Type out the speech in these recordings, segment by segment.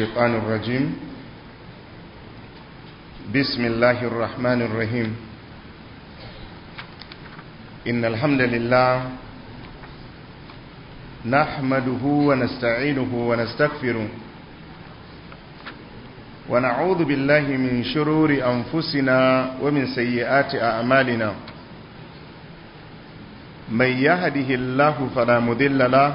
الشيطان الرجيم بسم الله الرحمن الرحيم إن الحمد لله نحمده ونستعينه ونستغفره ونعوذ بالله من شرور أنفسنا ومن سيئات أعمالنا من يهده الله فلا مذل له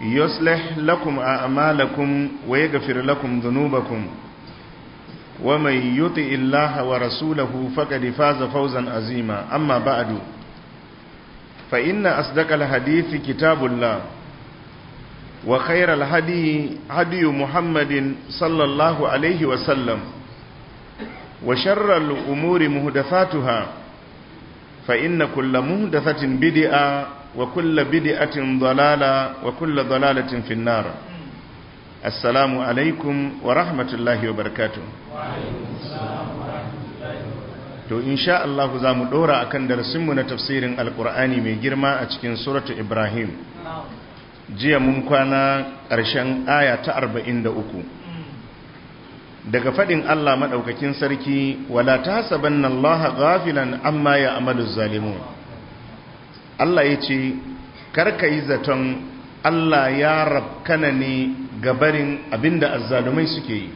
يصلح لكم أعمالكم ويغفر لكم ذنوبكم ومن يطع الله ورسوله فقد فاز فوزا عظيما أما بعد فإن أصدق الحديث كتاب الله وخير الهدي هدي محمد صلى الله عليه وسلم وشر الأمور مهدفاتها فإن كل مهدفة بدئة وكل بدعة ضلالة وكل ضلالة في النار السلام عليكم ورحمة الله وبركاته to insha Allah za mu dora akan mu na tafsirin alkur'ani mai girma a cikin suratu ibrahim jiya mun kwana ƙarshen aya ta 43 daga faɗin Allah maɗaukakin sarki wala ta hasabanna Allah ghafilan amma ya zalimun Allah ya ce karka yi zaton Allah ya rabkana ne gabarin abinda azzalumai suke yi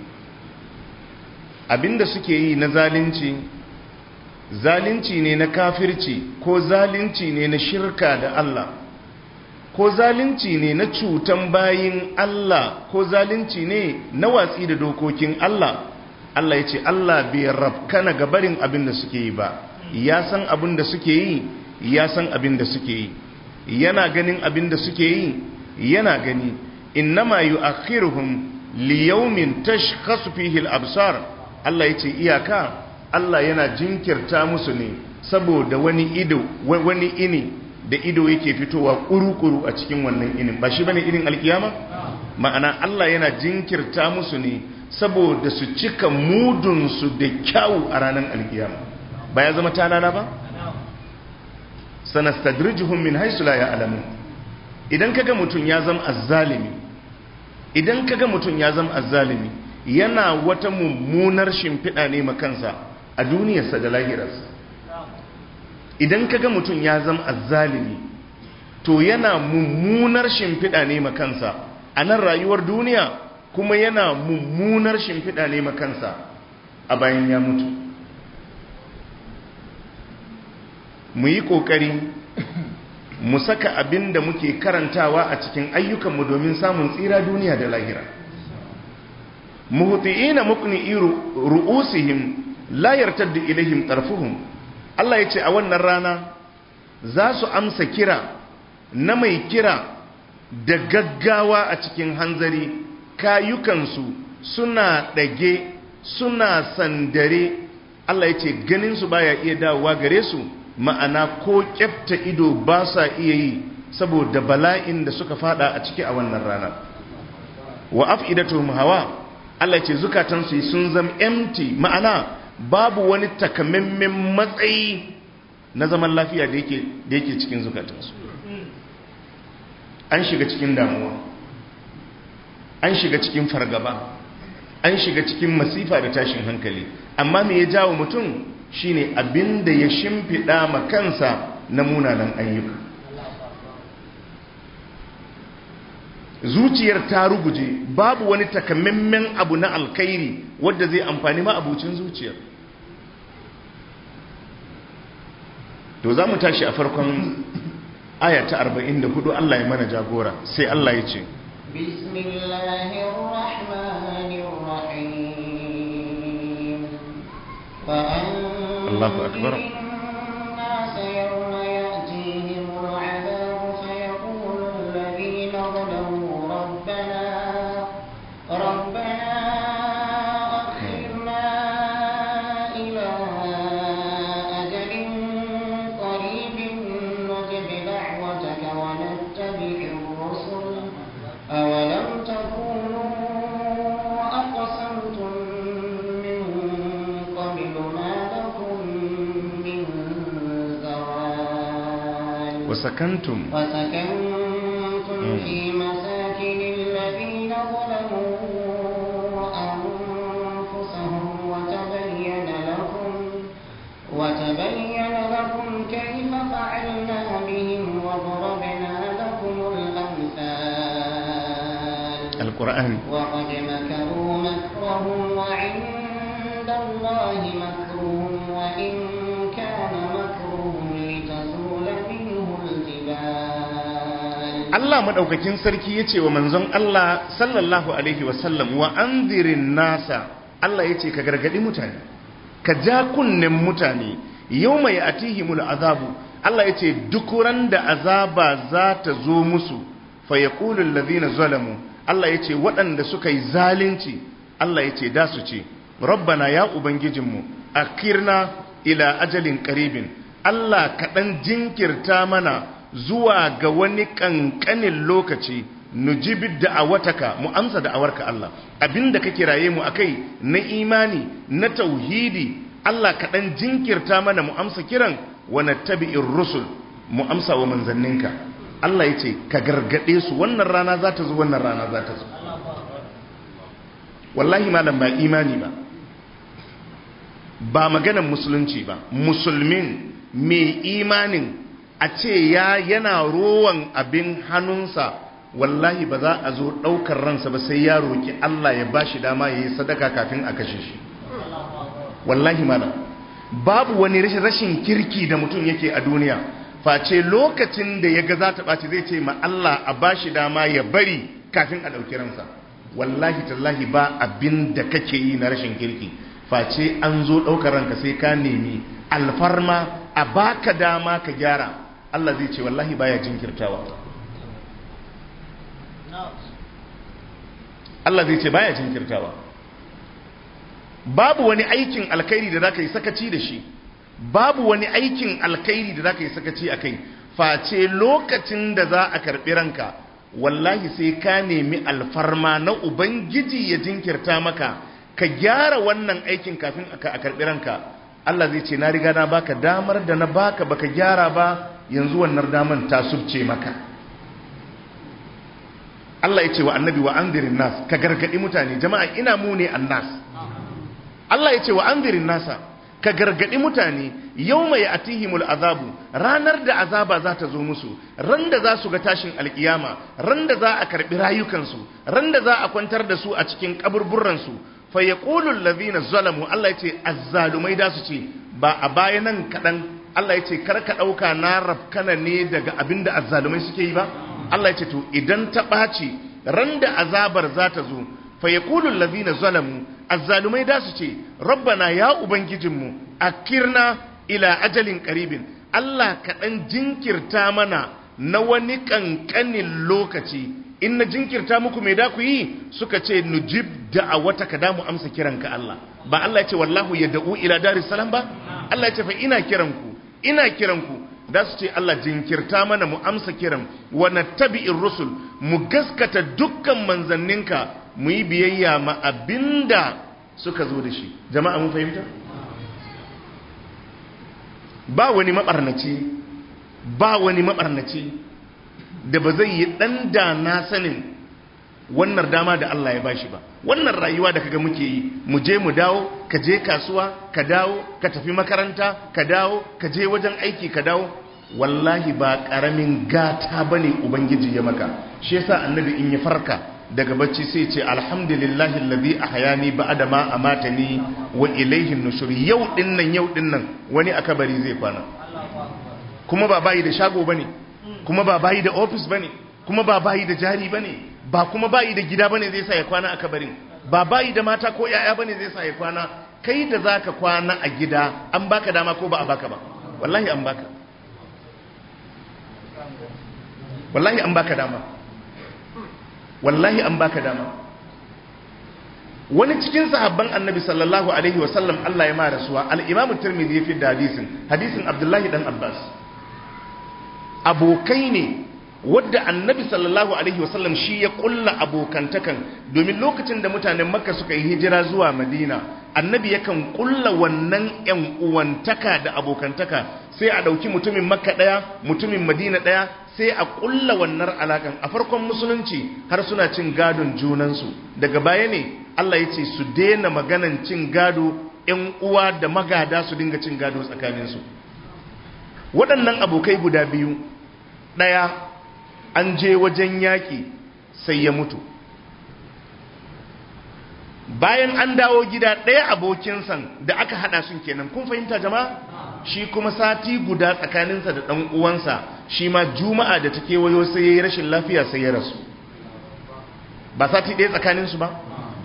abinda suke yi na zalunci zalunci ne na kafirci ko zalunci ne na shirka da Allah ko zalunci ne na cutan bayin Allah ko zalunci ne na watsi da dokokin Allah Allah ya ce Allah bai rabkana gabarin abinda suke yi ba ya san abin da suke yi ya san abin da suke yi yana ganin abin da suke yi yana gani innama yu'akhiruhum liyaumin tashkhasu fihi al-absar Allah yace iyaka Allah yana jinkirta musu ne saboda wani ido wani ini da ido yake fitowa kurukuru a cikin wannan inin ba shi bane irin alkiyama ma'ana Allah yana jinkirta musu ne saboda su cika mudun su da kyau a ranar alkiyama ba ya zama tanana ba sanastadrijuhum min haisula la alamu. idan kaga mutum ya zama azzalimi idan kaga mutum ya zama azzalimi yana wata mummunar shimfiɗa ne makansa a duniyarsa da lahirarsa idan kaga mutum ya zama azzalimi to yana mummunar shimfiɗa ne makansa a nan rayuwar duniya kuma yana mummunar shimfiɗa ne makansa a bayan ya mutu mu yi ƙoƙari mu saka abin da muke karantawa a cikin ayyukanmu domin samun tsira duniya da lahira Mu muhuti'ina muqni'i ru'usihim la yartaddu ilaihim tarfuhum Allah ya ce a wannan rana za su amsa kira na mai kira da gaggawa a cikin hanzari kayukansu suna ɗage suna sandare Allah ce ganin su baya iya dawowa gare su ma'ana ko kyafta ido ba sa iya yi saboda bala'in da suka fada a ciki a wannan rana wa afidatuhum hawa Allah ce zukatan su sun zama empty ma'ana babu wani takamaiman matsayi na zaman lafiya da yake da yake cikin zukatansu an shiga cikin damuwa an shiga cikin fargaba an shiga cikin masifa da tashin hankali amma me ya jawo mutum shine da ya shimfiɗa ma kansa na munanan ayyuka zuciyar ta ruguje babu wani takamaiman abu na alkhairi wadda zai amfani ma abucin zuciyar to za mu tashi a farkon aya ta 44 Allah ya mana jagora sai Allah ya ce bismillahirrahmanirrahim الله أكبر وسكنتم وسكنتم في مساكن الذين ظلموا أنفسهم وتبين لكم وتبين لكم كيف فعلنا بهم وضربنا لكم الأمثال القرآن وقد مكروا مكرهم وعند Allah madaukakin sarki ya ce wa manzon Allah sallallahu alaihi wasallam wa andirin nasa Allah ya ce ka gargadi mutane ka ja kunnen mutane yau mai atihimul azabu Allah ya ce duk ran da azaba za ta zo musu fa yaqulul ladhina zalamu Allah ya ce waɗanda suka yi zalunci Allah ya ce da su ce rabbana ya ubangijinmu akirna ila ajalin qaribin Allah kaɗan jinkirta mana zuwa ga wani kankanin lokaci nujibid da'awataka mu amsa da'awarka Allah abinda ka kiraye mu akai na imani na tauhidi Allah ka dan jinkirta mana mu amsa kiran wa natabi'ir rusul mu amsa wa manzanninka Allah yace ka gargade su wannan rana za ta zo wannan rana za ta zo wallahi malam ba imani ba ba maganan musulunci ba musulmin mai imanin a ce ya yana ruwan abin hannunsa wallahi ba za a zo ɗaukar ransa ba sai ya roƙi Allah ya ba shi dama ya yi sadaka kafin a kashe shi wallahi mana babu wani rashin kirki da mutum yake a duniya face lokacin da ya ga za ta ɓaci zai ce ma Allah a shi dama ya bari kafin a ɗauki ransa wallahi tallahi ba abin da kake yi na rashin kirki face an zo ɗaukar ranka sai ka nemi alfarma a baka dama ka gyara Allah zai ce wallahi baya jinkirtawa Allah zai ce baya jinkirtawa babu wani aikin alkhairi da zaka yi sakaci da shi babu wani aikin alkhairi da zaka yi sakaci akai face lokacin da za a karbi ranka wallahi sai ka nemi alfarma na ubangiji ya jinkirta maka ka gyara wannan aikin kafin a karbi ranka Allah zai ce na riga na baka damar da na baka baka gyara ba yanzu wannan daman ta subce maka Allah ya ce wa annabi wa anzirin nas ka gargadi mutane jama'a ina mu ne annas Allah ya ce wa anzirin nasa ka gargadi mutane yawma atihimul azabu ranar da azaba za ta zo musu ran da za su ga tashin alkiyama ran da za a karbi rayukansu ran da za a kwantar da su a cikin kaburburansu su fa yaqulu allazina zalamu Allah ya ce azzalumai da su ce ba a baya nan kaɗan. Allah ya ce kar ka ɗauka na rafkana ne daga abin da azzalumai suke yi ba Allah ya ce to idan ta ɓaci ran da azabar za ta zo fa yaqulu allazina zalamu azzalumai da su ce rabbana ya ubangijinmu kirna ila ajalin qaribin Allah ka dan jinkirta mana na wani kankanin lokaci in na jinkirta muku me da ku yi suka ce nujib da'awata ka damu amsa kiranka Allah ba Allah ya ce wallahu yad'u ila daris salam ba Allah ya ce fa ina kiranku ina kiranku da su ce Allah jinkirta mana mu amsa kiran wa nattabi'ir rusul mu gaskata dukkan manzanninka mu yi biyayya ma abinda suka zo da shi jama'a mun fahimta ba wani mabarnaci ba wani mabarnaci da ba zai yi dan da na sanin wannan dama da Allah ya bashi ba wannan rayuwa da kaga muke yi mu je mu dawo ka je kasuwa ka dawo ka tafi makaranta ka dawo ka je wajen aiki ka dawo wallahi ba karamin gata bane ubangiji ya maka shi yasa annabi in ya farka daga bacci sai ce alhamdulillahi alladhi ahyani ba'da ma amatani wa ilayhi nushur yau dinnan yau dinnan wani akabari zai kwana kuma ba bayi da shago bane kuma ba bayi da office bane kuma ba bayi da jari bane ba kuma bayi da gida bane zai sa ya kwana a kabarin ba bayi da mata ko yaya bane zai sa ya kwana kai da zaka kwana a gida an baka dama ko ba a baka ba wallahi an baka wallahi an baka dama wallahi an baka dama wani cikin sahabban annabi sallallahu alaihi wasallam Allah ya ma rasuwa al-imam tirmidhi fi hadisin hadisin abdullahi dan abbas abokai ne wadda annabi sallallahu alaihi wasallam shi ya kulla abokantakan domin lokacin da mutanen makka suka yi hijira zuwa madina annabi yakan kulla wannan yan uwantaka da abokantaka sai a dauki mutumin makka daya mutumin madina daya sai a kulla wannan alakan a farkon musulunci har suna cin gadon junansu daga baya ne Allah ya ce su daina maganan cin gado yan uwa da magada su dinga cin gado tsakaninsu waɗannan abokai guda biyu ɗaya an je wajen yaƙi sai ya mutu bayan an dawo gida ɗaya abokinsa da aka haɗa sun kenan kun fahimta jama'a shi kuma sati guda tsakaninsa da ɗan uwansa shi ma juma'a da ta kewayo sai ya yi rashin lafiya sai ya rasu ba sati ɗaya tsakaninsu ba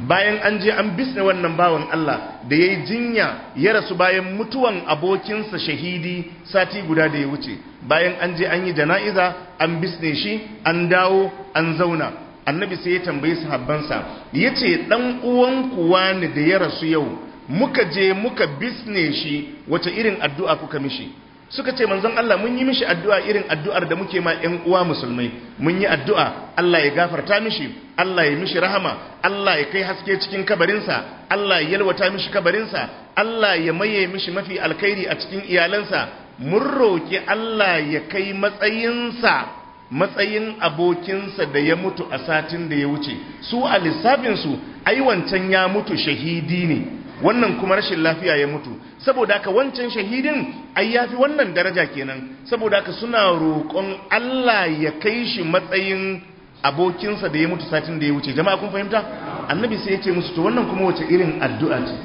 bayan an je an bisne wannan bawan Allah da ya yi jinya ya rasu bayan mutuwan abokinsa shahidi sati guda da ya wuce bayan an je an yi jana'iza an bisne shi an dawo an zauna annabi sai ya tambayi sahabbansa ya ce ɗan uwan kuwa da ya rasu yau muka je muka bisne shi wace irin addu'a kuka mishi suka ce manzon Allah mun yi mishi addu'a irin addu'ar da muke ma ‘yan uwa musulmai mun yi addu'a Allah ya gafarta mishi Allah ya mishi rahama Allah ya kai haske cikin kabarinsa Allah ya yalwata mishi kabarinsa Allah ya maye mishi mafi alkhairi a cikin iyalansa mun roƙi Allah ya kai matsayinsa matsayin abokinsa da ya mutu a satin da ya wuce su a lissafinsu ai wancan ya mutu shahidi ne wannan kuma rashin lafiya ya mutu saboda haka wancan shahidin ai ya fi wannan daraja kenan saboda ka suna roƙon Allah ya kai shi matsayin abokinsa da ya mutu satin da ya wuce jama'a kun fahimta annabi sai ya ce musu to wannan kuma wace irin addu'a ce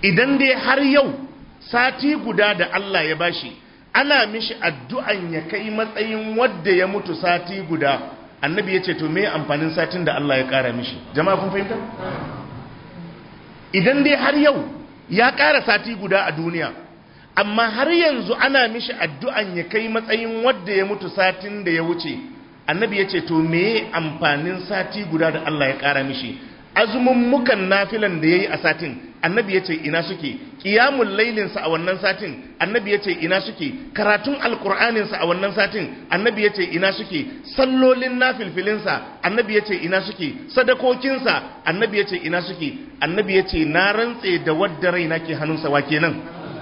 idan dai har yau sati guda da Allah ya bashi ana mishi addu'an ya kai matsayin wadda ya mutu sati guda annabi ya ce to me amfanin satin da Allah ya ƙara mishi jama'a kun fahimta idan dai har yau ya ƙara sati guda a duniya amma har yanzu ana mishi addu'an ya kai matsayin wadda ya mutu satin da ya wuce annabi ya ce to me amfanin sati guda da Allah ya ƙara mishi azumin mukan nafilan da ya yi a satin annabi ya ce ina suke ƙiyamun lailinsa a wannan satin annabi ya ce ina suke karatun alkur'aninsa a wannan satin annabi ya ce ina suke sallolin nafilfilinsa annabi ya ce ina suke sadakokinsa annabi ya ce ina suke annabi ya ce na rantse da wadda raina ke hannunsa wa kenan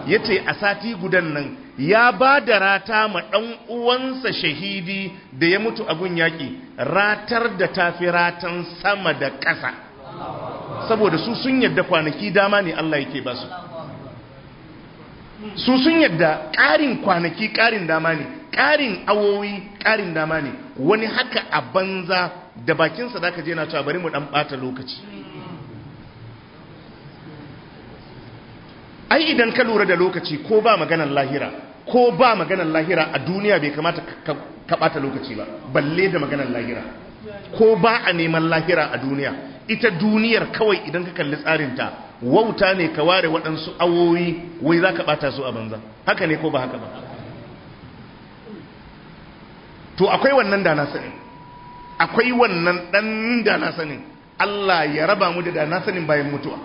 ya ce a sati gudan nan ya ba da rata ma ɗan uwansa shahidi da ya mutu a gun yaƙi ratar da tafi ratan sama da ƙasa saboda su sun yadda kwanaki dama ne Allah yake ba su su sun yadda ƙarin kwanaki ƙarin dama ne ƙarin awowi ƙarin dama ne wani haka a banza da bakin sadaka je na cewa bari mu ɗan ɓata lokaci ai idan ka lura da lokaci ko ba maganar lahira ko ba maganar lahira a duniya bai kamata ka ɓata lokaci ba balle da maganar lahira ko ba a neman lahira a duniya ita duniyar kawai idan ka kalli tsarinta wauta ne ka ware waɗansu awoyi wai za ka ɓata su a banza haka ne ko ba haka ba to akwai wannan da na sanin akwai wannan ɗan da na sanin Allah ya raba mu da da na sanin bayan mutuwa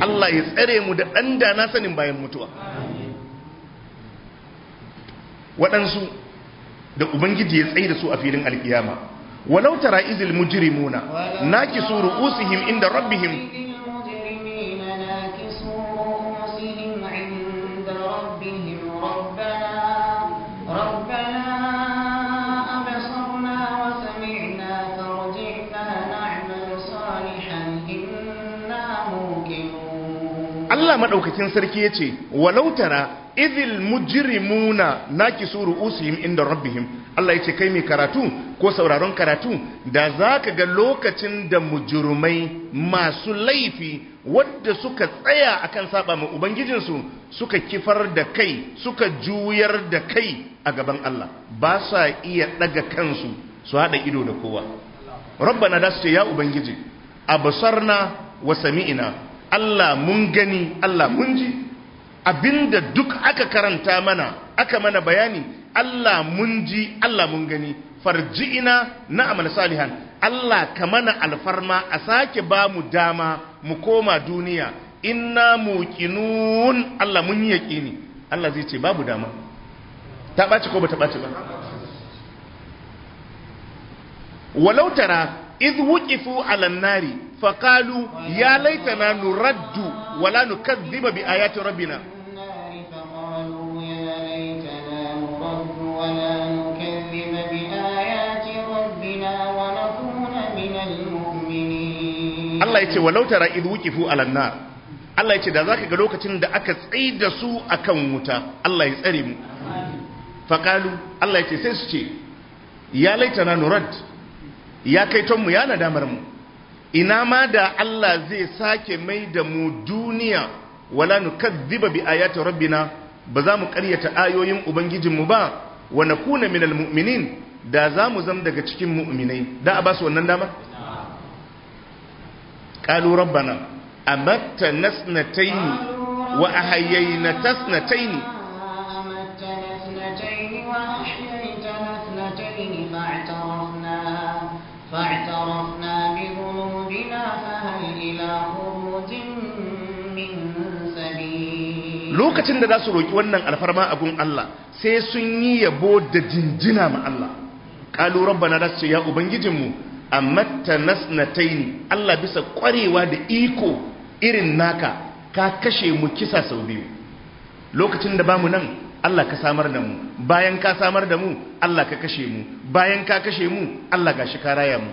Allah ya tsare mu da ɗan da na sanin bayan mutuwa waɗansu da Ubangiji ya tsaye da su a filin alkiyama ولو ترى إذ المجرمون ناكسوا رؤوسهم عند ربهم Allah maɗaukacin sarki ya ce, Walautara, izil mujrimuna na ki su ru'usihim inda rabbihim, Allah ya ce kai mai karatu ko sauraron karatu da za ka ga lokacin da mujurumai masu laifi wadda suka tsaya akan saba ma ubangijinsu suka kifar da kai suka juyar da kai a gaban Allah ba sa iya daga kansu su haɗa ido da kowa rabbana da su ce ya ubangiji na wa sami'ina Allah mun gani Allah mun ji abinda duk aka karanta mana aka mana bayani Allah mun ji Allah mun gani farji'ina na amal salihan Allah ka mana alfarma a sake ba mu dama mu koma duniya inna muqinun Allah mun yi yaqini Allah zai ce babu dama ta ɓaci ko ba ta ɓaci ba walau tara idh wuqifu 'ala nari faqalu ya laitana nuraddu wala nukadhdhiba bi ayati rabbina ولا نكذب بآيات ربنا ونكون من المؤمنين الله يتي ولو ترى إذ وقفوا على النار Allah ya ce da za ka ga lokacin da aka tsaye da su a kan wuta Allah ya tsare mu faƙalu Allah ya ce sai su ce ya laita na nurad. ya kai tonmu ya nadamar mu ina ma da Allah zai sake mai da mu duniya wala nu kadhiba bi ayati rabbina ba za mu ƙaryata ayoyin ubangijinmu ba wa nakuna minal mu'minin da za mu zama daga cikin mu'minai da a ba su wannan dama Ƙalu rabbana amatta nasnataini wa a hayayi na tasnataini lokacin da za su roƙi wannan alfarma a gun Allah sai sun yi yabo da jinjina ma Allah qalu rabbana rasu ya ubangijinmu amatta nasnataini Allah bisa kwarewa da iko irin naka ka kashe mu kisa sau biyu lokacin da bamu nan Allah ka samar da mu bayan ka samar da mu Allah ka kashe mu bayan ka kashe mu Allah gashi ka raya mu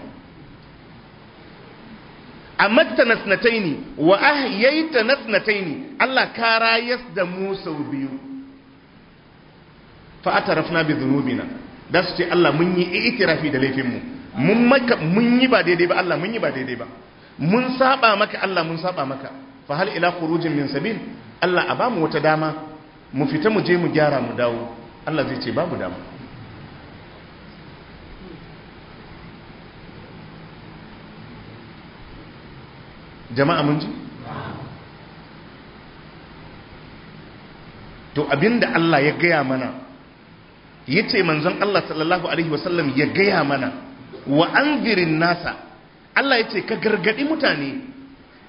amatta nasnataini wa ahyaita nasnataini Allah ka rayas da mu sau biyu fa atarafna bi dhunubina da su ce Allah mun yi itirafi da laifinmu. mun maka mun yi ba daidai ba Allah mun yi ba daidai ba mun saba maka Allah mun saba maka fa hal ila khurujin min sabil Allah a bamu wata dama mu fita mu je mu gyara mu dawo Allah zai ce babu dama jama'a mun ji to abinda Allah ya gaya mana yace manzon Allah sallallahu alaihi wasallam ya gaya mana wa anzirin nasa Allah yace ka gargaɗi mutane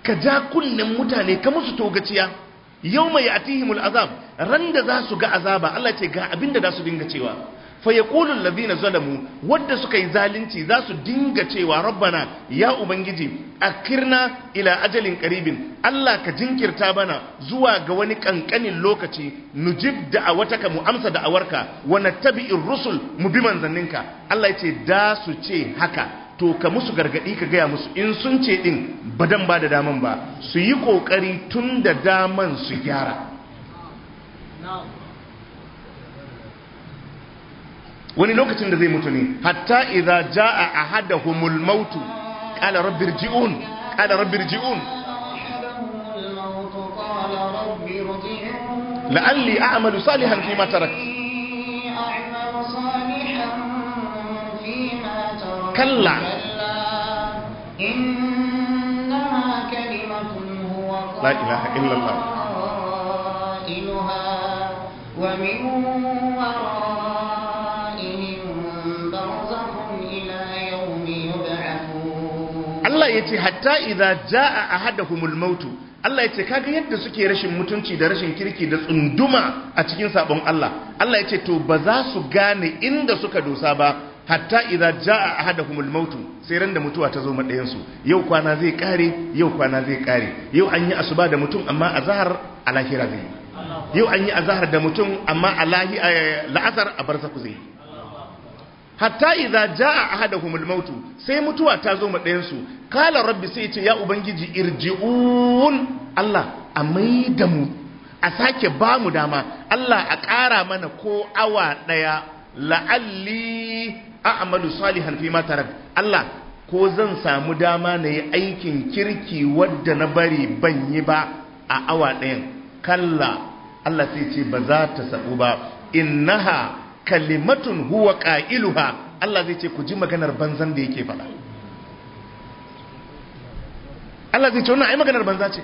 ka ja kunnen mutane ka musu togaciya Yau yawma ya'tihimul azab ran da za su ga azaba Allah yace ga abinda za su dinga cewa fa yaqulu na zalamu wadda suka yi zalunci za su dinga cewa rabbana ya ubangiji kirna ila ajalin karibin, Allah ka jinkirta bana zuwa ga wani kankanin lokaci nujib ka mu amsa da da'awarka wa in rusul mu bi manzanninka Allah yace da su ce haka to ka musu gargadi ka gaya musu in sun ce din dan ba da daman ba su yi ƙoƙari tun da daman su gyara wani lokacin da zai mutu ne hatta idza jaa ahadahumul maut qala rabbirji'un qala rabbirji'un la'alli a'malu salihan fima tarakt kalla la ilaha illa allah إله إلا الله Allah ya ce hatta idza jaa ahadakumul maut Allah ya ce kaga yadda suke rashin mutunci da rashin kirki da tsunduma a cikin sabon Allah Allah ya ce to ba za su gane inda suka dosa ba hatta idza jaa ahadakumul maut sai ran da mutuwa ta zo madayan su yau kwana zai kare yau kwana zai kare yau an yi asuba da mutum amma azhar lahira zai yau an yi azhar da mutum amma alahi eh, la'asar a barsa ku zai hatta idza jaa ahaduhumul mautu sai mutuwa ta zo ma ɗayan su kala rabbi sai ce ya ubangiji irji'un Allah a maida mu a sake ba mu dama Allah a ƙara mana ko awa ɗaya la'alli a'malu salihan fi ma tarak Allah ko zan samu dama na yi aikin kirki wadda na bari ban yi ba a awa ɗayan kalla Allah sai ce ba za ta sabu ba innaha kalimatun huwa ƙa’iluha Allah zai ce ku ji maganar banzan da yake faɗa Allah zai ce wannan yi maganar banza ce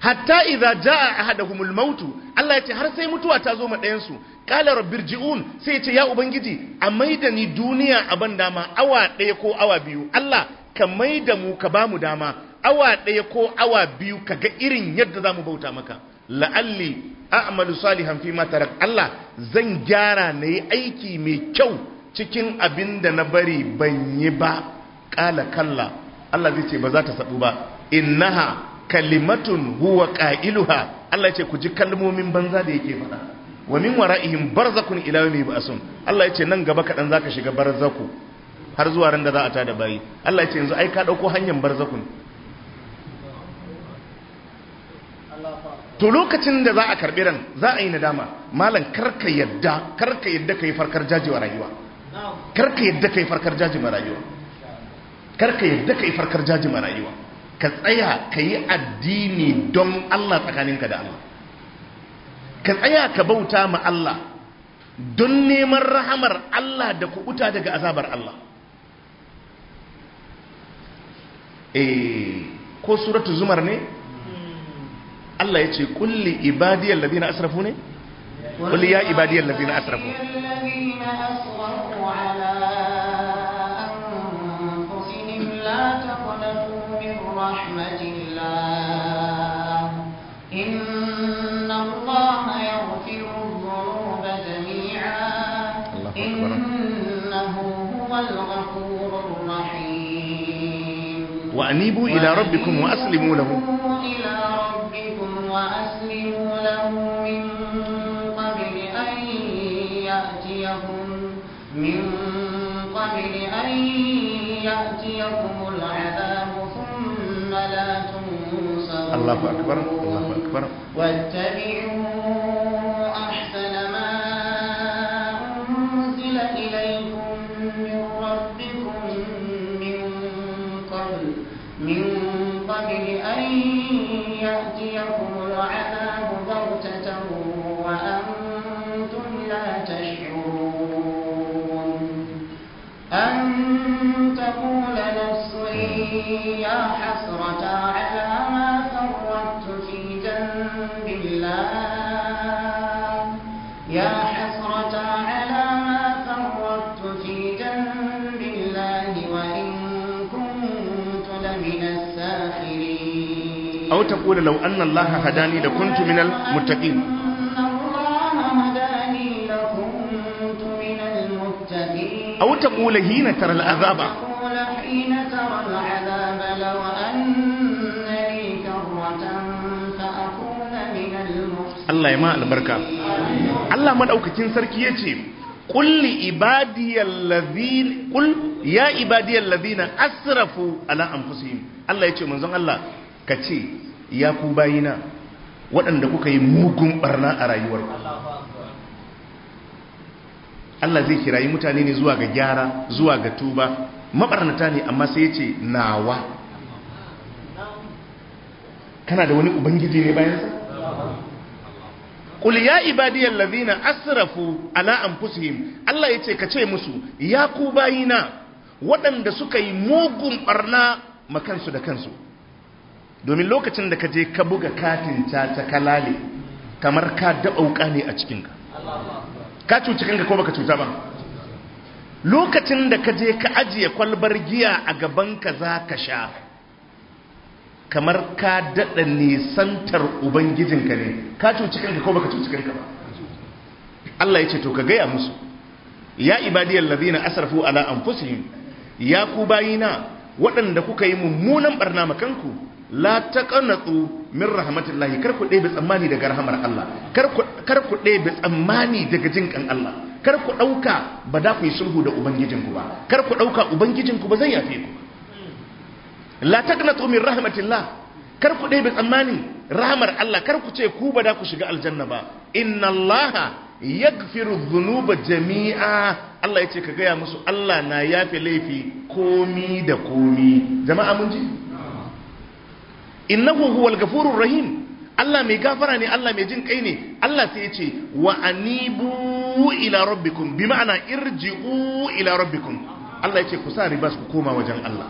hatta idza jaa haɗa mautu Allah ya ce har sai mutuwa ta zo maɗayensu ƙalar birji'un sai ya ce ya ubangiji a mai da ni duniya a ban dama awa ɗaya ko awa biyu Allah ka mai da mu ka ba mu dama awa ɗaya ko awa biyu ka ga irin yadda za mu bauta maka la'alli a'malu salihan fi ma tarak Allah zan gyara nayi aiki mai kyau cikin abinda na bari ban yi ba Kala kalla Allah zai ce ba za ta saɓu ba innaha kalimatun huwa ƙa'iluha Allah ya ce ku ji kalmomin banza da yake faɗa wa min wara'ihim barzakun ila yawmi sun. Allah yace nan gaba kaɗan zaka shiga barzaku har zuwa ran da za a tada bayi Allah ya ce yanzu ai ka ɗauko hanyar barzakun to lokacin da za a karbi ran za a yi nadama malam karka yadda karka yadda kai farkar wa rayuwa karka yadda kai farkar ma rayuwa karka yadda kai farkar ma rayuwa ka tsaya ka yi addini don Allah tsakaninka da Allah ka tsaya ka bauta ma Allah don neman rahamar Allah da kubuta daga azabar Allah eh ko suratu zumar ne Allah ya ce kulli ibadiyar labina asrafu ne? kulli ya ibadiyar labina asrafu وأنيبوا إلى ربكم وأسلموا له إلى وأسلموا له من قبل أن يأتيهم من قبل أن يأتيكم العذاب ثم لا تنصرون الله أكبر الله أكبر واتبعوا أو تقول لو أن الله هداني لكنت من المتقين أو تقول حين ترى العذاب حين ترى العذاب لو أن لي كرة فأكون من المحسنين الله يما البركة الله من أوكتين سركيتي قل لعبادي الذين قل يا عبادي الذين أسرفوا على أنفسهم الله يتشي منزون الله ka ce ya ku bayina waɗanda kuka yi mugun barna a rayuwarku Allah zai kirayi mutane ne zuwa ga gyara zuwa ga tuba mabarnata ne amma sai ya ce nawa kana da wani ubangiji ne bayan? ƙul ya ibadiyar lazina asirafu ala anfusihim Allah ya ce ka ce musu ya ku bayina waɗanda suka yi mugun ɓarna makansu da kansu domin lokacin da ka je ka buga katin ta, ta kalale kamar ka da'auka ne a cikinka ka cuci kanka ko baka cuta ba lokacin da ka je ka ajiye kwalbar giya a gabanka za ka sha kamar ka daɗa nisantar ubangijinka ne ka cuci kanka ko baka cuci kanka ba Allah ya ce to ka gaya musu ya ibadiyar lazina asarfu ala anfusihim ya ku bayina waɗanda kuka yi mummunan barna makanku la taqanatu min rahmatillahi kar ku ɗebe tsammani daga rahmar Allah kar ku ɗebe tsammani daga jin kan Allah kar ku ɗauka ba da ku yi sulhu da ubangijinku ba kar ku ubangijin ubangijinku ba zai yafe ku la taqanatu min rahmatillah kar ku ɗebe tsammani rahmar Allah kar ku ce ku ba da ku shiga aljanna ba inna Allah yaghfiru dhunuba jami'a Allah yace ka gaya musu Allah na yafe laifi komi da komi jama'a mun ji innahu huwal gafurur rahim Allah mai gafara ne Allah mai jin kai ne Allah sai ya ce wa anibu ila rabbikum bi ma'ana irji'u ila rabbikum Allah ya ce ku sa ribas ku koma wajen Allah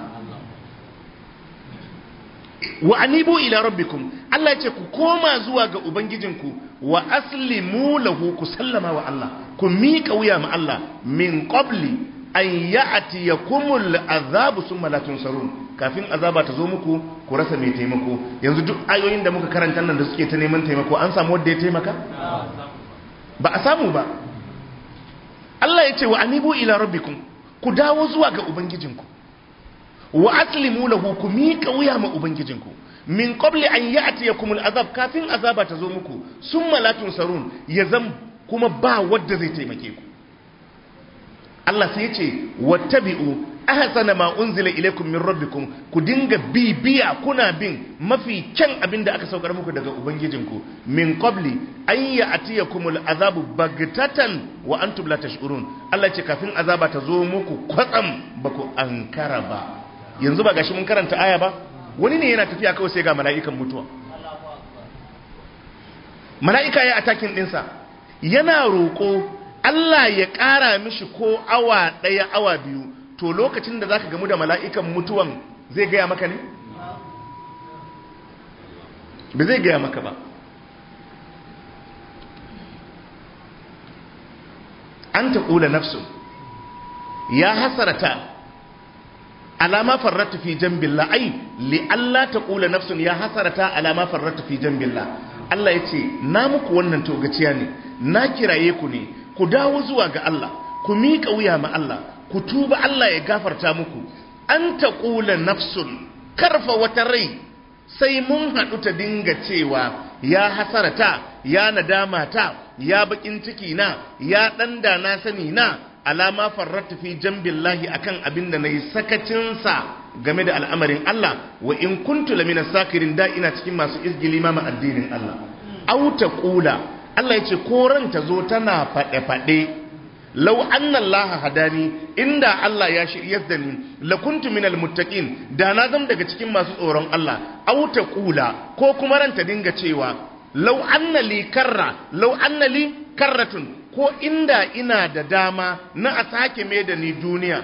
wa anibu ila rabbikum Allah ya ce ku koma zuwa ga ubangijinku wa aslimu lahu ku sallama wa Allah ku miƙa wuya ma Allah min qabli an ya'ati kumul azabu sun malatun sarun. kafin azaba ta zo muku ku rasa mai taimako yanzu duk ayoyin da muka karanta nan da suke ta neman taimako an samu wadda ya taimaka ba a samu ba Allah ya ce wa anibu ila rabbikum ku dawo zuwa ga ubangijinku wa aslimu lahu ku miƙa wuya ma ubangijinku min qabli an yakum al'azab kafin azaba tazo zo muku summa sarun. Ya zam kuma ba wanda zai taimake ku Allah sai ya ce wattabi'u ahsana ma unzila ilaykum min rabbikum ku dinga bibiya kuna bin mafi kyan abin da aka saukar muku daga ubangijinku min qabli an ya'tiyakumul azabu bagtatan wa antum la tash'urun Allah ce kafin azaba ta zo muku kwatsam baku ankara ba yanzu ba gashi mun karanta aya ba wani ne yana tafiya kawai sai ga mala'ikan mutuwa mala'ika ya takin dinsa yana roko. Allah ya ƙara mishi ko awa ɗaya awa biyu to lokacin da za ka gamu da mala'ikan mutuwan zai gaya maka ne? ba zai gaya maka ba an ta ƙula nafsu ya hasarata alama farratu fi jambilla ai li Allah ta ƙula nafsun ya hasarata alama farratu fi jambilla Allah ya ce na muku wannan togaciya ne na kiraye ku ne ku dawo zuwa ga Allah ku miƙa wuya ma Allah ku tuba Allah ya gafarta muku an ta ƙula nafsun karfa wata rai sai mun haɗu ta dinga cewa ya hasarata ya nadama ta ya baƙin ciki na ya ɗanda na sani na alama farratu fi jambillahi akan abin da nayi sakacinsa game da al'amarin Allah wa in kuntu lamina sakirin da ina cikin masu izgili ma addinin Allah Auta ƙula. Allah ya ce koran ta zo tana faɗe-faɗe lau annan laha hadani inda Allah ya shirya da ni lakuntu minal muttaqin da na zam daga cikin masu tsoron Allah au ta kula ko kuma ran ta dinga cewa lau anna li karra lau anna li karratun ko inda ina da dama na a sake mai da ni duniya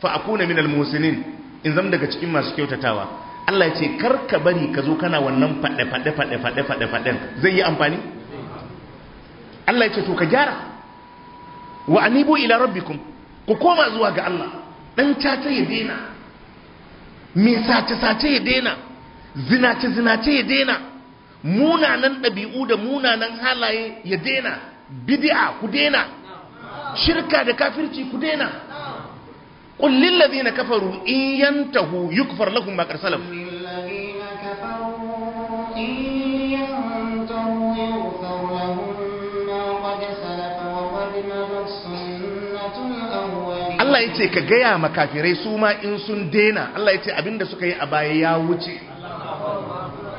fa akuna minal musinin in zam daga cikin masu kyautatawa Allah ya ce kar ka bari ka zo kana wannan faɗe faɗe faɗe faɗe faɗe faɗen zai yi amfani Allah ya ce to ka gyara wa anibu ila rabbikum ku koma zuwa ga Allah dan caca ya daina me sace sace ya daina zinace zinace ya daina munanan ɗabi'u da munanan halaye ya daina bid'a ku daina shirka da kafirci ku daina qul lil ladina kafaru in yantahu yukfar lahum ma qad Allah ya ce ka gaya makafirai su ma in sun dena Allah ya ce abinda suka yi a baya ya wuce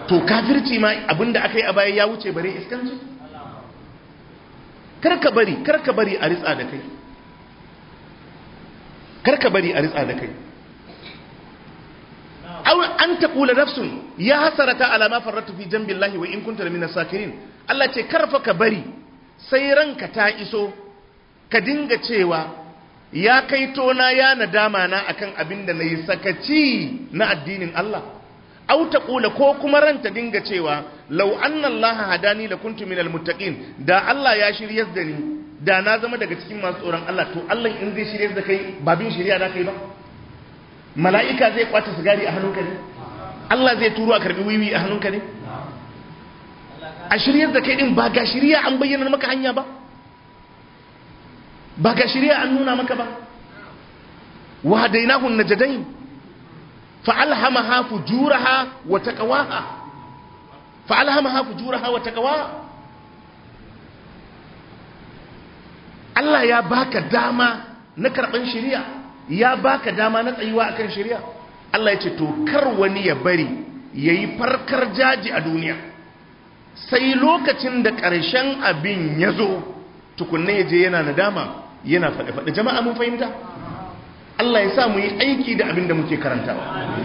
to kafirci ma abinda aka yi a baya ya wuce bare iskanci karka bari karka bari a ritsa da kai karka bari a ritsa da kai aw an taqula nafsun ya hasarata ala ma farratu fi jambillahi wa in kunta minas sakirin Allah ce karfa ka bari sai ranka ta iso ka dinga cewa ya kai tona ya nadama na akan abin da na yi sakaci na addinin Allah au ta kula ko kuma ranta dinga cewa anna Allah hadani kuntu min muttaqin da Allah ya shiryar da ni da na zama daga cikin masu tsoron Allah to Allah in zai shiryar da kai ba bin shirya da kai ba mala'ika zai kwata sigari a hannunka ne Allah zai turo a karbi wiwi a hannunka ne a shiryar da kai din ba ga shirya an bayyana maka hanya ba ba ga shirya an nuna maka ba wa hadainahu najdain fa alhamaha fujuraha wa taqwaha fa alhamaha fujuraha wa Allah ya baka dama na karban shiriya, ya baka dama na tsayuwa akan shiriya. Allah ya ce to kar wani ya bari yayi farkar jaji a duniya sai lokacin da ƙarshen abin ya zo tukunne ya je yana nadama yana faɗe-faɗe jama'a mun fahimta Allah ya sa mu yi aiki da abin da muke karantawa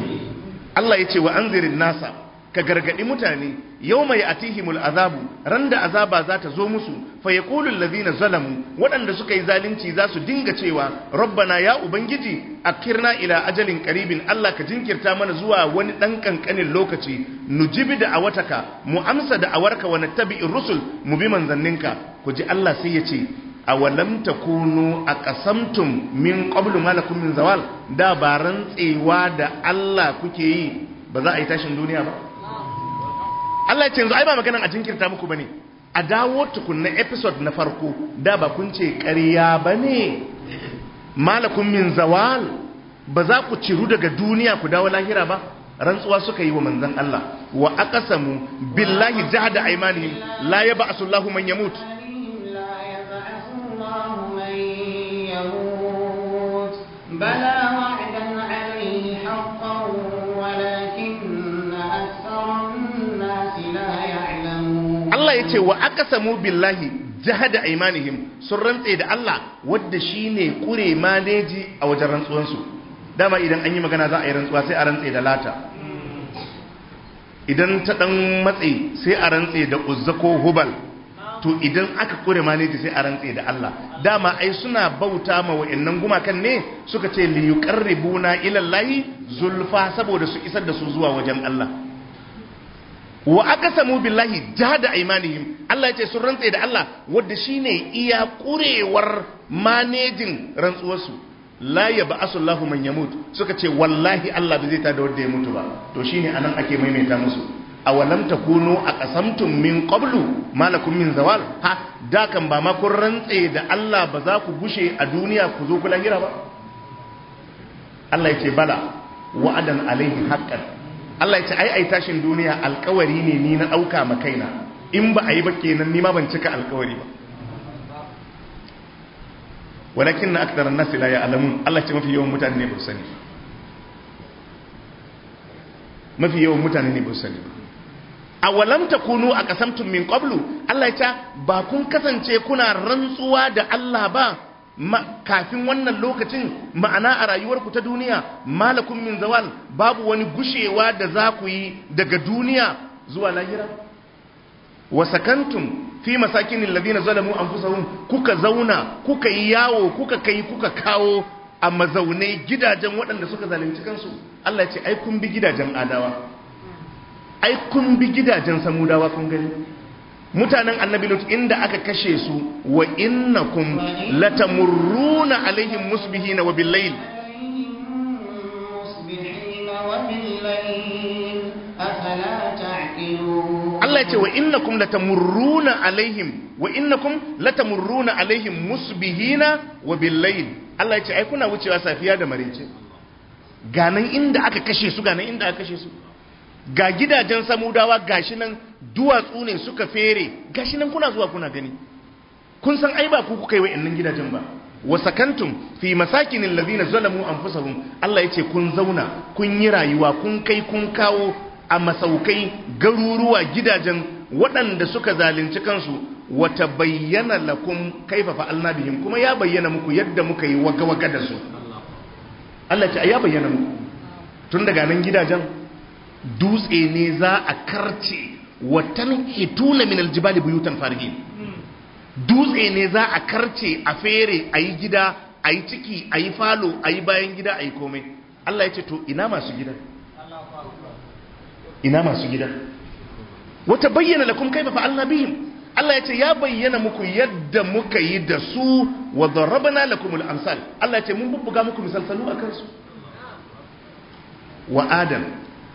Allah ya ce wa anzirin nasa ka gargaɗi mutane yau mai atihimul azabu ran da azaba za ta zo musu fa ya kulun zalamu waɗanda suka yi zalunci za su dinga cewa rabbana ya ubangiji a kirna ila ajalin karibin Allah ka jinkirta mana zuwa wani ɗan ƙanƙanin lokaci nujibi da awataka mu amsa da awarka wani tabi'in rusul mu bi manzanninka ku ji Allah sai ya ce awalam takunu aqasamtum min qablu ma min zawal da ba rantsewa da Allah kuke yi ba za a yi tashin duniya ba Allah yace ce yanzu ai ba maganan a jinkirta muku bane a dawo na episode na farko da ba kun ce ƙarya bane malakum min zawal ba za ku ciru daga duniya ku dawo lahira ba rantsuwa suka yi wa manzon Allah wa aqasamu billahi jahada aymanihim la yab'asu Allahu man yamut بلى وعدا عليه حقا ولكن أكثر الناس لا يعلمون الله يتي وأقسموا بالله jahada imanihim sun rantse da Allah wadda shi ne kure maneji a wajen rantsuwansu dama idan an yi magana za a yi rantsuwa sai a rantse da lata idan ta dan matse sai a rantse da uzza ko hubal to idan aka kore maneji sai a rantse da Allah dama ai suna bauta ma wa'annan gumakan ne suka ce li yuqarribuna ila llahi zulfa saboda su isar da su zuwa wajen Allah wa aqsamu billahi jahada aymanihim Allah ya ce sun rantse da Allah wanda shine iya kurewar manejin rantsuwar su la yab'asu llahu man yamut suka ce wallahi Allah ba zai tada wanda ya mutu ba to shine anan ake maimaita musu ta awalam a aqsamtum min qablu malakum min zawal ha da kan ba ma kun rantse da Allah ba za ku gushe a duniya ku zo ku lahira ba Allah ya ce bala wa'adan alaihi haqqan Allah ya ce ai ai tashin duniya alkawari ne ni na dauka ma kaina in ba ai ba kenan ni ma ban cika alkawari ba walakin na akthara an-nas la ya'lamun Allah ya ce mafi yawan mutane ne ba sani mafi yawan mutane ne ba sani ba kunu a aqsamtum min qablu Allah ya ce ba kun kasance kuna rantsuwa da Allah ba kafin wannan lokacin ma'ana a rayuwarku ta duniya malakun min zawal babu wani gushewa da za ku yi daga duniya zuwa lahira wasakantum fi masakinil ladina zalamu anfusahum kuka zauna kuka yi yawo kuka kai kuka kawo a mazaunai gidajen waɗanda suka zalunci kansu Allah ya ce ai kun bi gidajen adawa ai kun bi gidajen samudawa kun gani mutanen annabi lut inda aka kashe su wa innakum latamurruna alaihim musbihina wa billayl Allah ya ce wa innakum latamurruna alaihim wa innakum latamurruna alaihim musbihina wa billayl Allah ya ce ai kuna wucewa safiya da marece ganan inda aka kashe su ganan inda aka kashe su ga gidajen samudawa gashi nan duwatsu ne suka fere gashi nan kuna zuwa kuna gani kun san ai ba ku kuka yi wa'annan gidajen ba wa sakantum fi masakinin lazina zalamu anfusahum Allah yace kun zauna kun yi rayuwa kun kai kun kawo a masaukai garuruwa gidajen waɗanda suka zalunci kansu wata bayyana lakum kaifa fa'alna bihim kuma ya bayyana muku yadda muka yi waga waga da su Allah ce ya bayyana muku tun daga nan gidajen dutse ne za a karce watan hituna min aljibali buyutan farihin dutse ne za a karce a fere a yi gida a yi ciki a yi falo a yi bayan gida a yi komai Allah ya ce to ina masu gida ina masu gida wata bayyana lakum kaifa fa'alna bihim Allah ya ce ya bayyana muku yadda muka yi da su wa darabna kuma amsal Allah ya ce mun bubbuga muku misalsalu akan su wa adam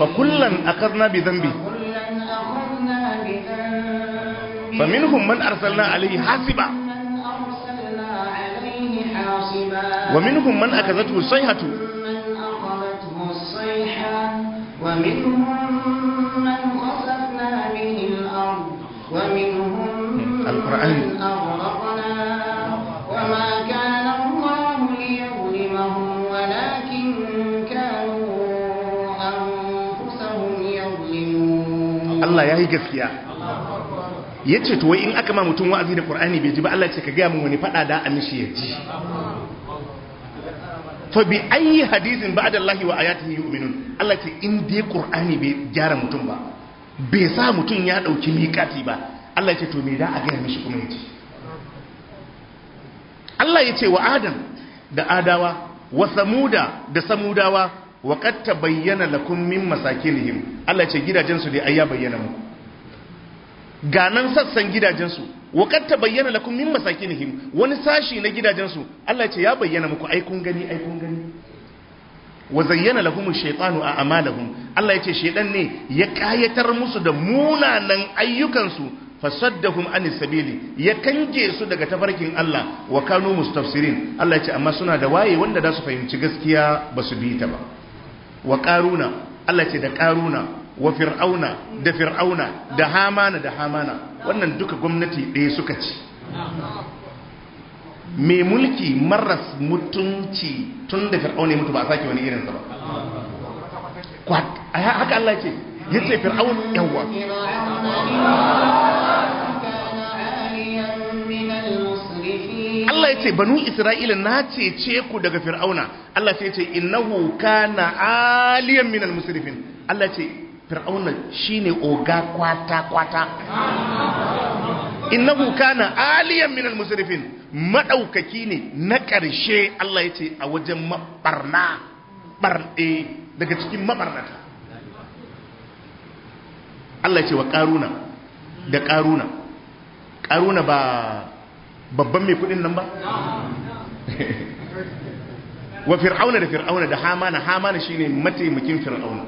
فكلا أخذنا بذنبه فمنهم من أرسلنا عليه حاسبا ومنهم من أخذته الصيحة ومنهم من خسفنا به الأرض ومنهم القرآن Allah ya yi gaskiya ce to wai in aka ma mutum wa'azi da Qur'ani bai ji ba Allah ce ka gaya mun wani fada da amishi ya ji fa bi ayi hadisin da Allah wa yi yu'minun Allah ce in dai Qur'ani bai gyara mutum ba bai sa mutum ya ɗauki miƙati ba Allah ce to me da a gaya mishi kuma ji Allah ya ce wa Adam da Adawa wa Samuda da Samudawa wa qad tabayyana lakum min masakinihim Allah ce gidajen su dai ai ya bayyana muku ga nan sassan gidajen su wa qad tabayyana lakum min masakinihim wani sashi na gidajen su Allah ce ya bayyana muku ai kun gani ai kun gani wa zayyana lahum ash-shaytanu a'malahum Allah yace shedan ne ya kayatar musu da munanan ayyukan su fasaddahum an sabili ya kange su daga tafarkin Allah wa kanu mustafsirin Allah yace amma suna da waye wanda za su fahimci gaskiya ba su bi ta ba wa ƙaruna Allah ce da ƙaruna wa fir'auna da fir'auna da hamana da hamana wannan duka gwamnati ɗaya suka ci mai mulki maras mutunci tun da fir'auna mutu ba a sake wani irinsa ba haka Allah ce yace fir'auna yawa. Allah ya ce banu Isra'ila na ce ku daga Fir'auna Allah sai ya ce innahu kana aliyan minal musrifin Allah ce Fir'auna shine oga kwata kwata innahu kana aliyan minal musrifin madaukaki ne na karshe Allah ya ce a wajen mabarna barde eh, daga cikin mabarnata Allah ya ce wa karuna da karuna karuna ba babban mai kudin nan ba wa fir'auna da fir'auna da hamana hamana shine mataimakin fir'auna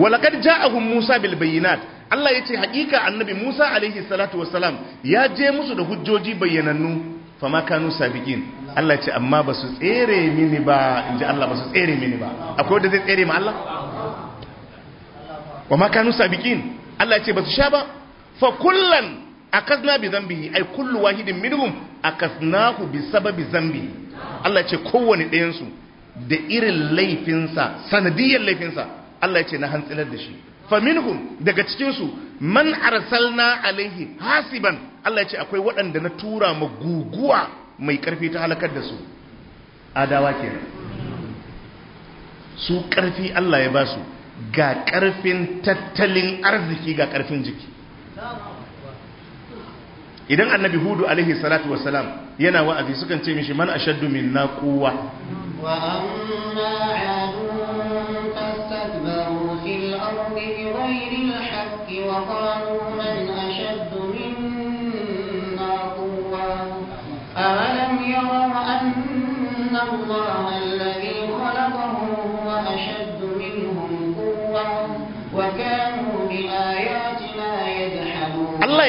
walaqad ja'ahum musa bil bayyinat Allah yace hakika annabi Musa alaihi salatu wassalam ya je musu da hujjoji bayyanannu fama kanu sabiqin Allah yace amma basu tsere mini ba inji Allah basu tsere mini ba akwai wanda zai tsere ma Allah wa ma kanu sabiqin Allah yace basu sha ba fa kullan akasna bi zambi ai kullu wahidin minhum akasnahu bi sababi zambi Allah ce kowane ɗayan su da irin laifinsa sanadiyar laifinsa Allah ce na hantsilar da shi Fa Minhum daga cikin su man arsalna alaihi hasiban Allah ce akwai waɗanda na tura ma guguwa mai ƙarfi ta halakar da su adawa kenan su ƙarfi Allah ya ba su ga ƙarfin tattalin arziki ga ƙarfin jiki idan annabi hudu alaihi salatu wasalam yana wa'azi sukan ce mishi man ashaddu minna quwwa wa amma adun fastakbaru fil ardi bighayri alhaqqi wa qalu man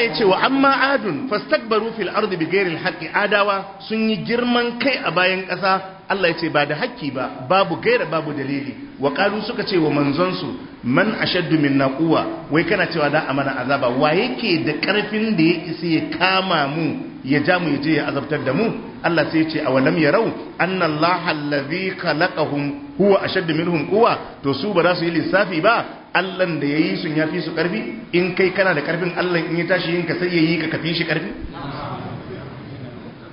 Allah ya ce wa amma adun fastakbaru fil ardi gairil haqqi adawa sun yi girman kai a bayan ƙasa Allah ya ce ba da haƙƙi ba babu gaira babu dalili wa suka ce wa manzonsu man ashaddu minna quwwa wai kana cewa da amana azaba wa yake da ƙarfin da ya isa ya kama mu ya ja mu je ya azabtar da mu Allah sai ya ce awalam yarau anna Allah allazi khalaqahum huwa ashaddu minhum quwwa to su ba za su yi lissafi ba allan da ya yi sun ya fi su ƙarfi in kai kana da ƙarfin allan in ya tashi yin ka sai ya yi ka kafi shi ƙarfi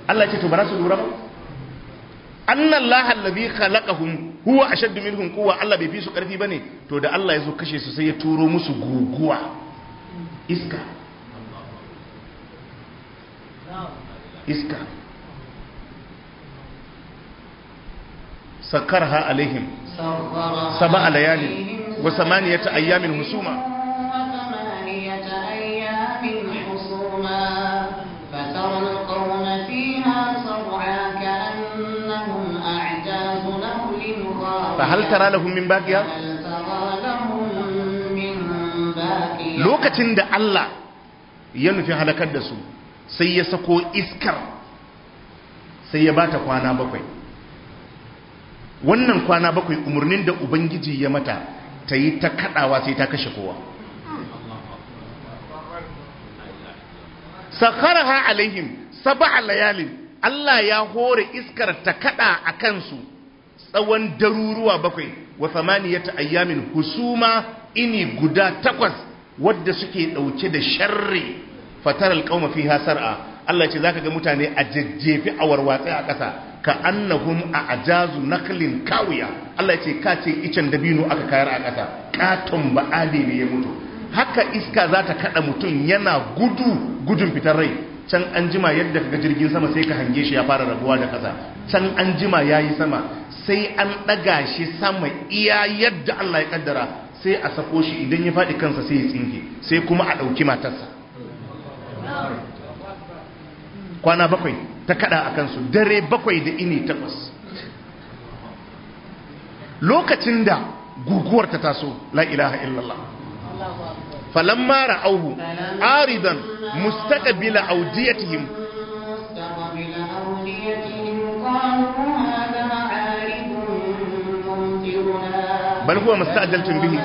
allah ce to ba su lura ba annan lahar labi hun huwa mil hun kowa allah bai fi su ƙarfi ne, to da allah ya zo kashe su sai ya turo musu guguwa iska iska ha alaihim سبع ليال وثمانية أيام حسوما وثمانية أيام حسوما فترى القوم فيها صرعا كأنهم أعجاز نخل فهل ترى لهم من باقية؟ lokacin da Allah ya nufi halakar da su sai ya sako iskar sai ya bata kwana bakwai wannan kwana bakwai umarnin da ubangiji ya mata ta yi ta kadawa sai ta kashe kowa ha alaihim sab'a layalin Allah ya hore iskar ta kada a kansu tsawon daruruwa bakwai wa samaniyata ayyamin husuma ini guda takwas wadda suke dauke da sharri fatar alqauma fiha sar'a Allah ce zaka ga mutane a jajjefi a warwatsa a ƙasa ka annahum a ajazu naklin kawiya Allah ya ce ka ce icen dabino aka kayar a ƙasa katon ba ne ya mutu haka iska za ta kada mutum yana gudu gudun fitar rai can an jima yadda kaga jirgin sama sai ka hange shi ya fara rabuwa da ƙasa can an jima yi sama sai an ɗaga shi sama iya yadda Allah ya kaddara sai a sako shi idan ya faɗi kansa sai ya tsinke sai kuma a ɗauki matarsa kwana bakwai ta kada a kansu dare bakwai da ini takwas lokacin da guguwar ta taso la ilaha illallah falamma ra'auhu aridan mustaqbila awdiyatihim bal huwa musta'jaltun bihi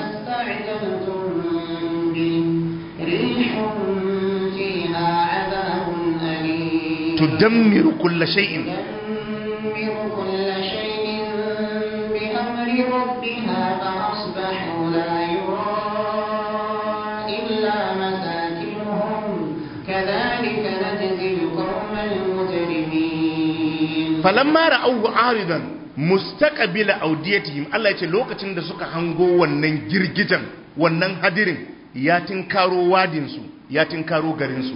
تدمر كل شيء تدمر كل شيء بأمر ربها فأصبحوا لا يرى إلا مساكنهم كذلك نجزي القوم المجرمين فلما رأوا عارضا mustaqabila audiyatihim Allah ya ce lokacin da suka hango wannan girgijan wannan hadirin ya tinkaro wadinsu ya tinkaro garinsu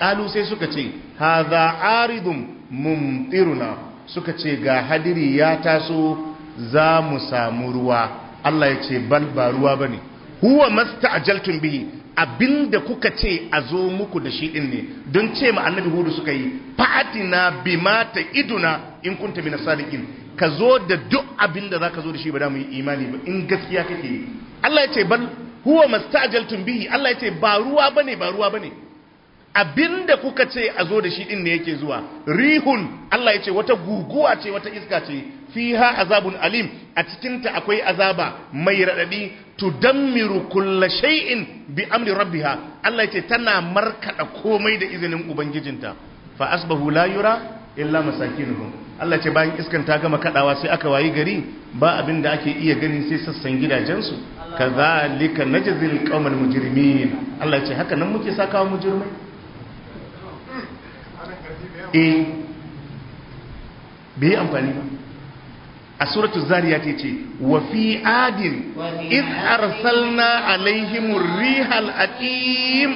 kalu sai suka ce haza aridun mumtiruna suka ce ga hadiri ya taso za mu samu ruwa Allah ya ce bal ba ruwa bane huwa masta'jaltum bihi abinda kuka ce a zo muku da shi din ne don ce ma annabi hudu suka yi fatina bima ta iduna in kunta mina sadiqin ka zo da duk abinda zaka zo da shi ba da mu yi imani ba in gaskiya kake Allah ya ce bal huwa masta'jaltum bihi Allah ya ce ba ruwa bane ba ruwa bane abinda kuka ce a zo da shi din ne yake zuwa rihun Allah ya ce wata guguwa ce wata iska ce fiha azabun alim a cikin ta akwai azaba mai radadi tudammiru kulla shay'in bi amri rabbiha Allah ya ce tana markada komai da izinin ubangijinta fa asbahu la yura illa masakinuhum Allah ya ce bayan iskan ta gama kadawa sai aka wayi gari ba abin da ake iya gani sai sassan gidajensu kazalika najzil qaumal mujrimin Allah ya ce haka nan muke sakawa mujrimai eh bai amfani ba a suratul zariyat yace wa fi adin id arsalna alaihim rihal aqim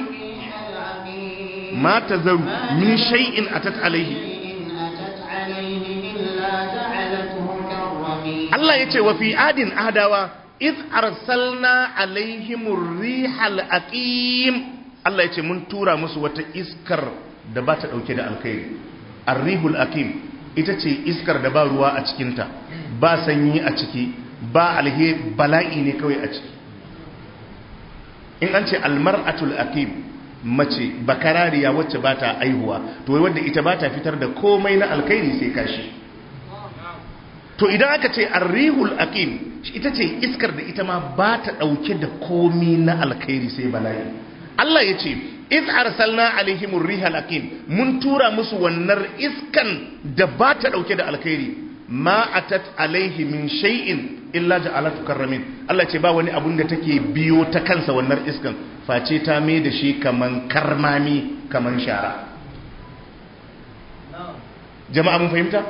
ma tazaru min shay'in atat alaihi Allah yace wa fi adin adawa id arsalna alaihim rihal aqim Allah yace mun tura musu wata iskar da ba ta dauke da alkhairi arrihul akim ita ce iskar da ba ruwa a cikinta ba sanyi a ciki ba alhe bala'i ne kawai a ciki in an ce almar'atul akim mace bakarariya wacce ba ta aihuwa to wai wadda ita ba ta fitar da komai na alkhairi sai kashi to idan aka ce arrihul akim ita ce iskar da ita ma ba ta dauke da komai na alkhairi sai bala'i Allah ya ce iz arsalna alaihim rihal mun tura musu wannan iskan da ba ta dauke da alkhairi ma atat alaihi min shay'in illa ja'alatu karramin Allah ce ba wani abun da take biyo ta kansa wannan iskan face ta mai da shi kaman karmami kaman shara jama'a mun fahimta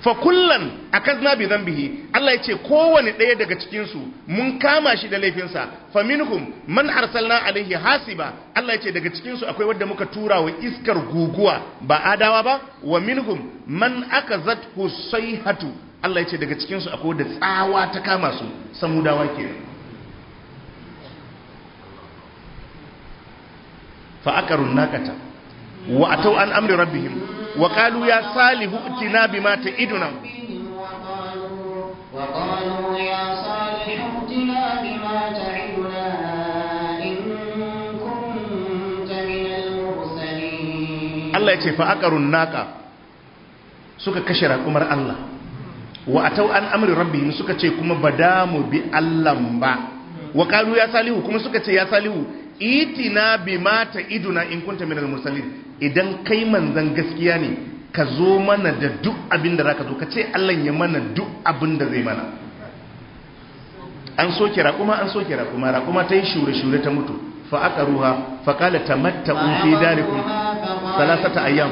fa kullan akazna bi dhanbihi Allah yace kowane ɗaya daga cikin su mun kama shi da laifinsa fa minhum man arsalna alaihi hasiba Allah yace daga cikin su akwai wanda muka tura wa iskar guguwa ba adawa ba wa minhum man akazat husaihatu Allah yace daga cikin su akwai wanda tsawa ta kama su samudawa ke fa akarun nakata wa atau an amri rabbihim wa qalu ya salihu itina bima ta'iduna Allah ya ce fa aqarun naqa suka kashe raƙumar Allah wa atau an amri rabbihim suka ce kuma badamu bi Allah ba wa qalu ya salihu kuma suka ce ya salihu itina bi mata iduna in kunta minal mursalin idan kai manzan gaskiya ne ka zo mana da duk abin da zaka zo ka ce Allah ya mana duk abin da zai mana an so kira kuma an so kira kuma ra kuma ta yi shure shure ta mutu fa aka ruha fa qala tamatta'u fi darikum salasata ayyam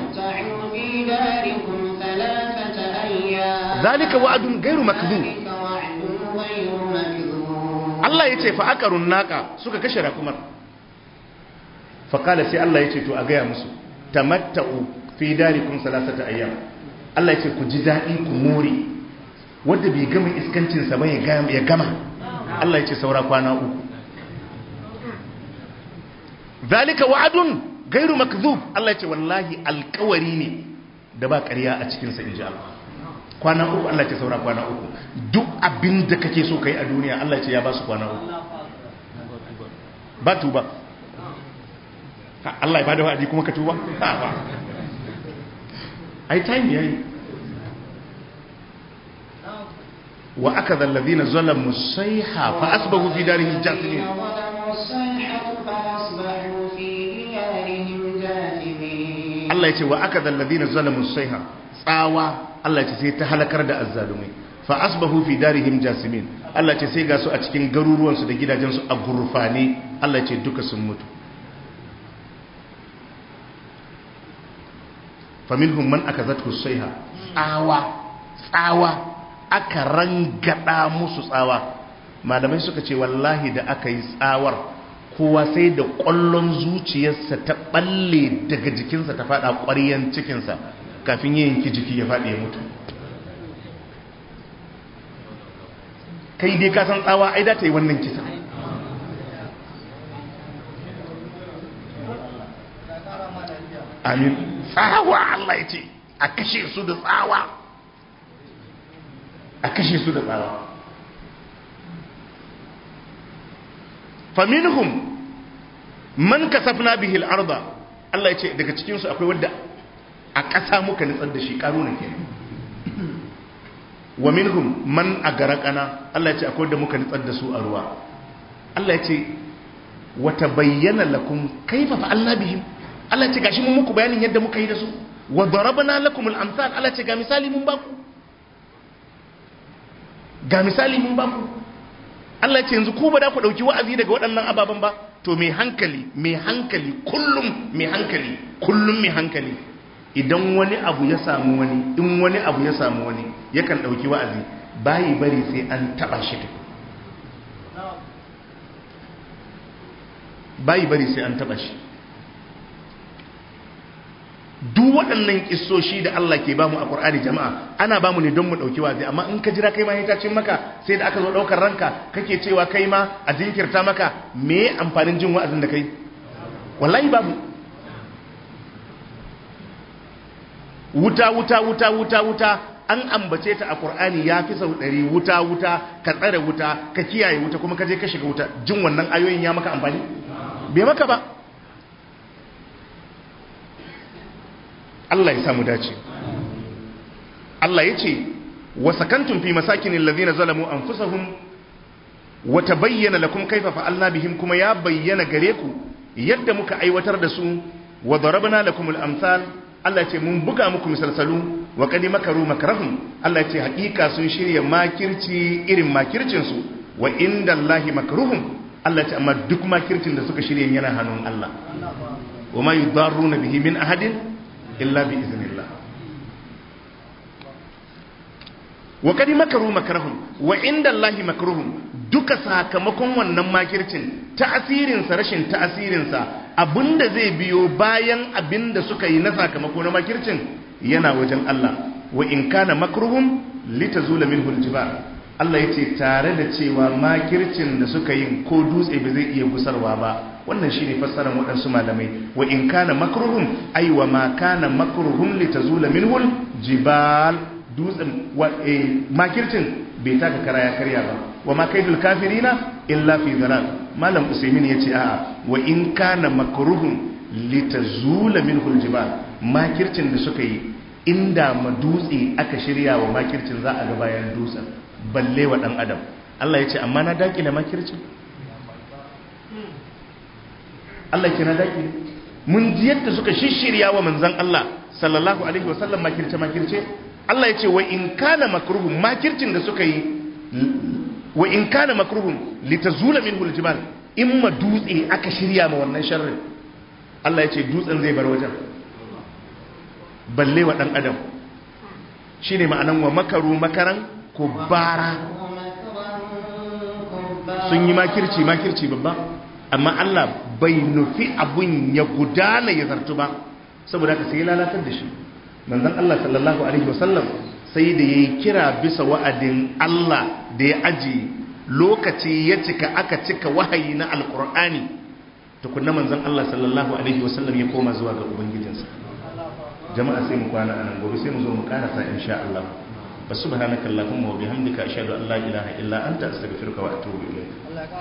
zalika wa'adun ghairu makdhub Allah ya ce fa aka naqa suka kashe rakumar faƙala sai Allah ya ce to a gaya musu ta matta'u fi kun salasa ta ayyam Allah ya ce ku ji daɗi ku more wadda bai gama iskancin ba ya gama Allah ya ce saura kwana uku zalika wa'adun gairu makzub Allah ya ce wallahi alƙawari ne da ba ƙarya a cikinsa in ji Allah kwana uku Allah ya ce saura kwana uku duk abin da kake so yi a duniya Allah ya ce ya ba su kwana uku ba tuba Allah ya bada wa'adi kuma ka tuba ba ai time yayi wa akadha alladhina zalamu sayha fa asbahu fi darihim jathimin Allah ya ce wa akadha alladhina zalamu sayha tsawa Allah ya ce sai ta halakar da azzalumai fa asbahu fi darihim jasimin Allah ya ce sai ga su a cikin garuruwan su da gidajen su a gurfane Allah ya ce duka sun mutu faminhum man akazathu sayha tsawa tsawa aka rangada musu tsawa malamai suka ce wallahi da aka yi tsawar kowa sai da ƙwallon zuciyarsa ta balle daga jikinsa ta fada ƙwaryan cikinsa kafin ya yanki jiki ya faɗi ya mutu kai dai ka san tsawa ai da ta yi wannan kisa amin tsawa Allah ya ce a kashe su da tsawa a kashe su da tsawa faminhum man kasafna bihi al-arda Allah ya ce daga cikin su akwai wanda a ƙasa muka nutsar da shi karuna kenan wa minhum man agarakana Allah ya ce akwai wanda muka nutsar da su a ruwa Allah ya ce wata bayyana lakum kaifa fa'alna bihim Allah ce gashi mun muku bayanin yadda muka yi da su wa darabna al amsal Allah ce ga misali mun baku ga misali mun baku Allah ce yanzu ku ba da ku dauki wa'azi daga waɗannan ababen ba to mai hankali mai hankali kullum mai hankali kullum mai hankali idan wani abu ya samu wani in wani abu ya samu wani yakan dauki wa'azi bayi bari sai an taba shi bayi bari sai an taba shi duk waɗannan kissoshi da Allah ke ba mu a Qur'ani jama'a ana bamu ne don mu dauki wazi amma in ka jira kai ma hitacin maka sai da aka zo daukar ranka kake cewa kai ma a jinkirta maka me amfanin jin wa'azin da kai wallahi babu wuta wuta wuta wuta wuta an ambace ta a Qur'ani ya fi sau ɗari wuta wuta ka tsare wuta ka kiyaye wuta kuma ka je ka shiga wuta jin wannan ayoyin ya maka amfani bai maka ba Allah ya samu dace Allah ya ce wa sakantum fi masakinin lazina zalamu anfusahum wa tabayyana lakum kaifa fa'alna bihim kuma ya bayyana gare ku yadda muka aiwatar da su wa darabna lakumul amsal Allah ce mun buga muku misalsalu wa kadi makaru makarahum Allah ce hakika sun shirya makirci irin makircin su wa inda Allahi makaruhum Allah ce amma duk makircin da suka shirya yana hannun Allah wa ma yudarruna bihi min ahadin illa bi iznillah wa kadi makaru makarhum wa inda duka sakamakon wannan makircin ta'asirinsa rashin ta'asirinsa abinda zai biyo bayan abinda suka yi na sakamako na makircin yana wajen Allah wa in kana makruhum litazula minhu aljibar Allah yace tare da cewa makircin da suka yi ko dutse ba zai iya gusarwa ba wannan shine fassarar waɗansu malamai wa in kana makruhum ay wa ma kana makruhum litazula minhul jibal dutsen wa eh, makircin bai taka kara ya karya ba wa ma kaidul kafirina illa fi dhalal malam usaimin yace a'a wa in kana makruhum litazula minhul jibal makircin da suka yi inda ma dutse aka shirya wa makircin za a ga bayan dutsen balle wa dan adam Allah ya ce amma na dakile makircin Allah kira daki mun ji yadda suka shishirya wa manzon Allah sallallahu alaihi wasallam makirce makirce Allah ya ce wa in kana makruhun makircin da suka yi wa in kana makruhun litazula minhu aljibal in ma dutse aka shirya ma wannan sharrin Allah ya ce dutsen zai bar wajen balle wa dan adam shine ma'anan wa makaru makaran kubara sun yi makirci makirci babba amma Allah bai nufi abun ya gudana ya zartu ba saboda ka sai lalatar da shi manzon Allah sallallahu alaihi wasallam sai da yayi kira bisa wa'adin Allah da ya aji lokaci ya cika aka cika wahayi na alqur'ani tukunna manzon Allah sallallahu alaihi wasallam ya koma zuwa ga ubangijinsa jama'a sai mu kwana anan gobe sai mu zo mu karasa insha Allah subhanakallahumma wa bihamdika ashhadu an la ilaha illa anta astaghfiruka wa atubu ilayk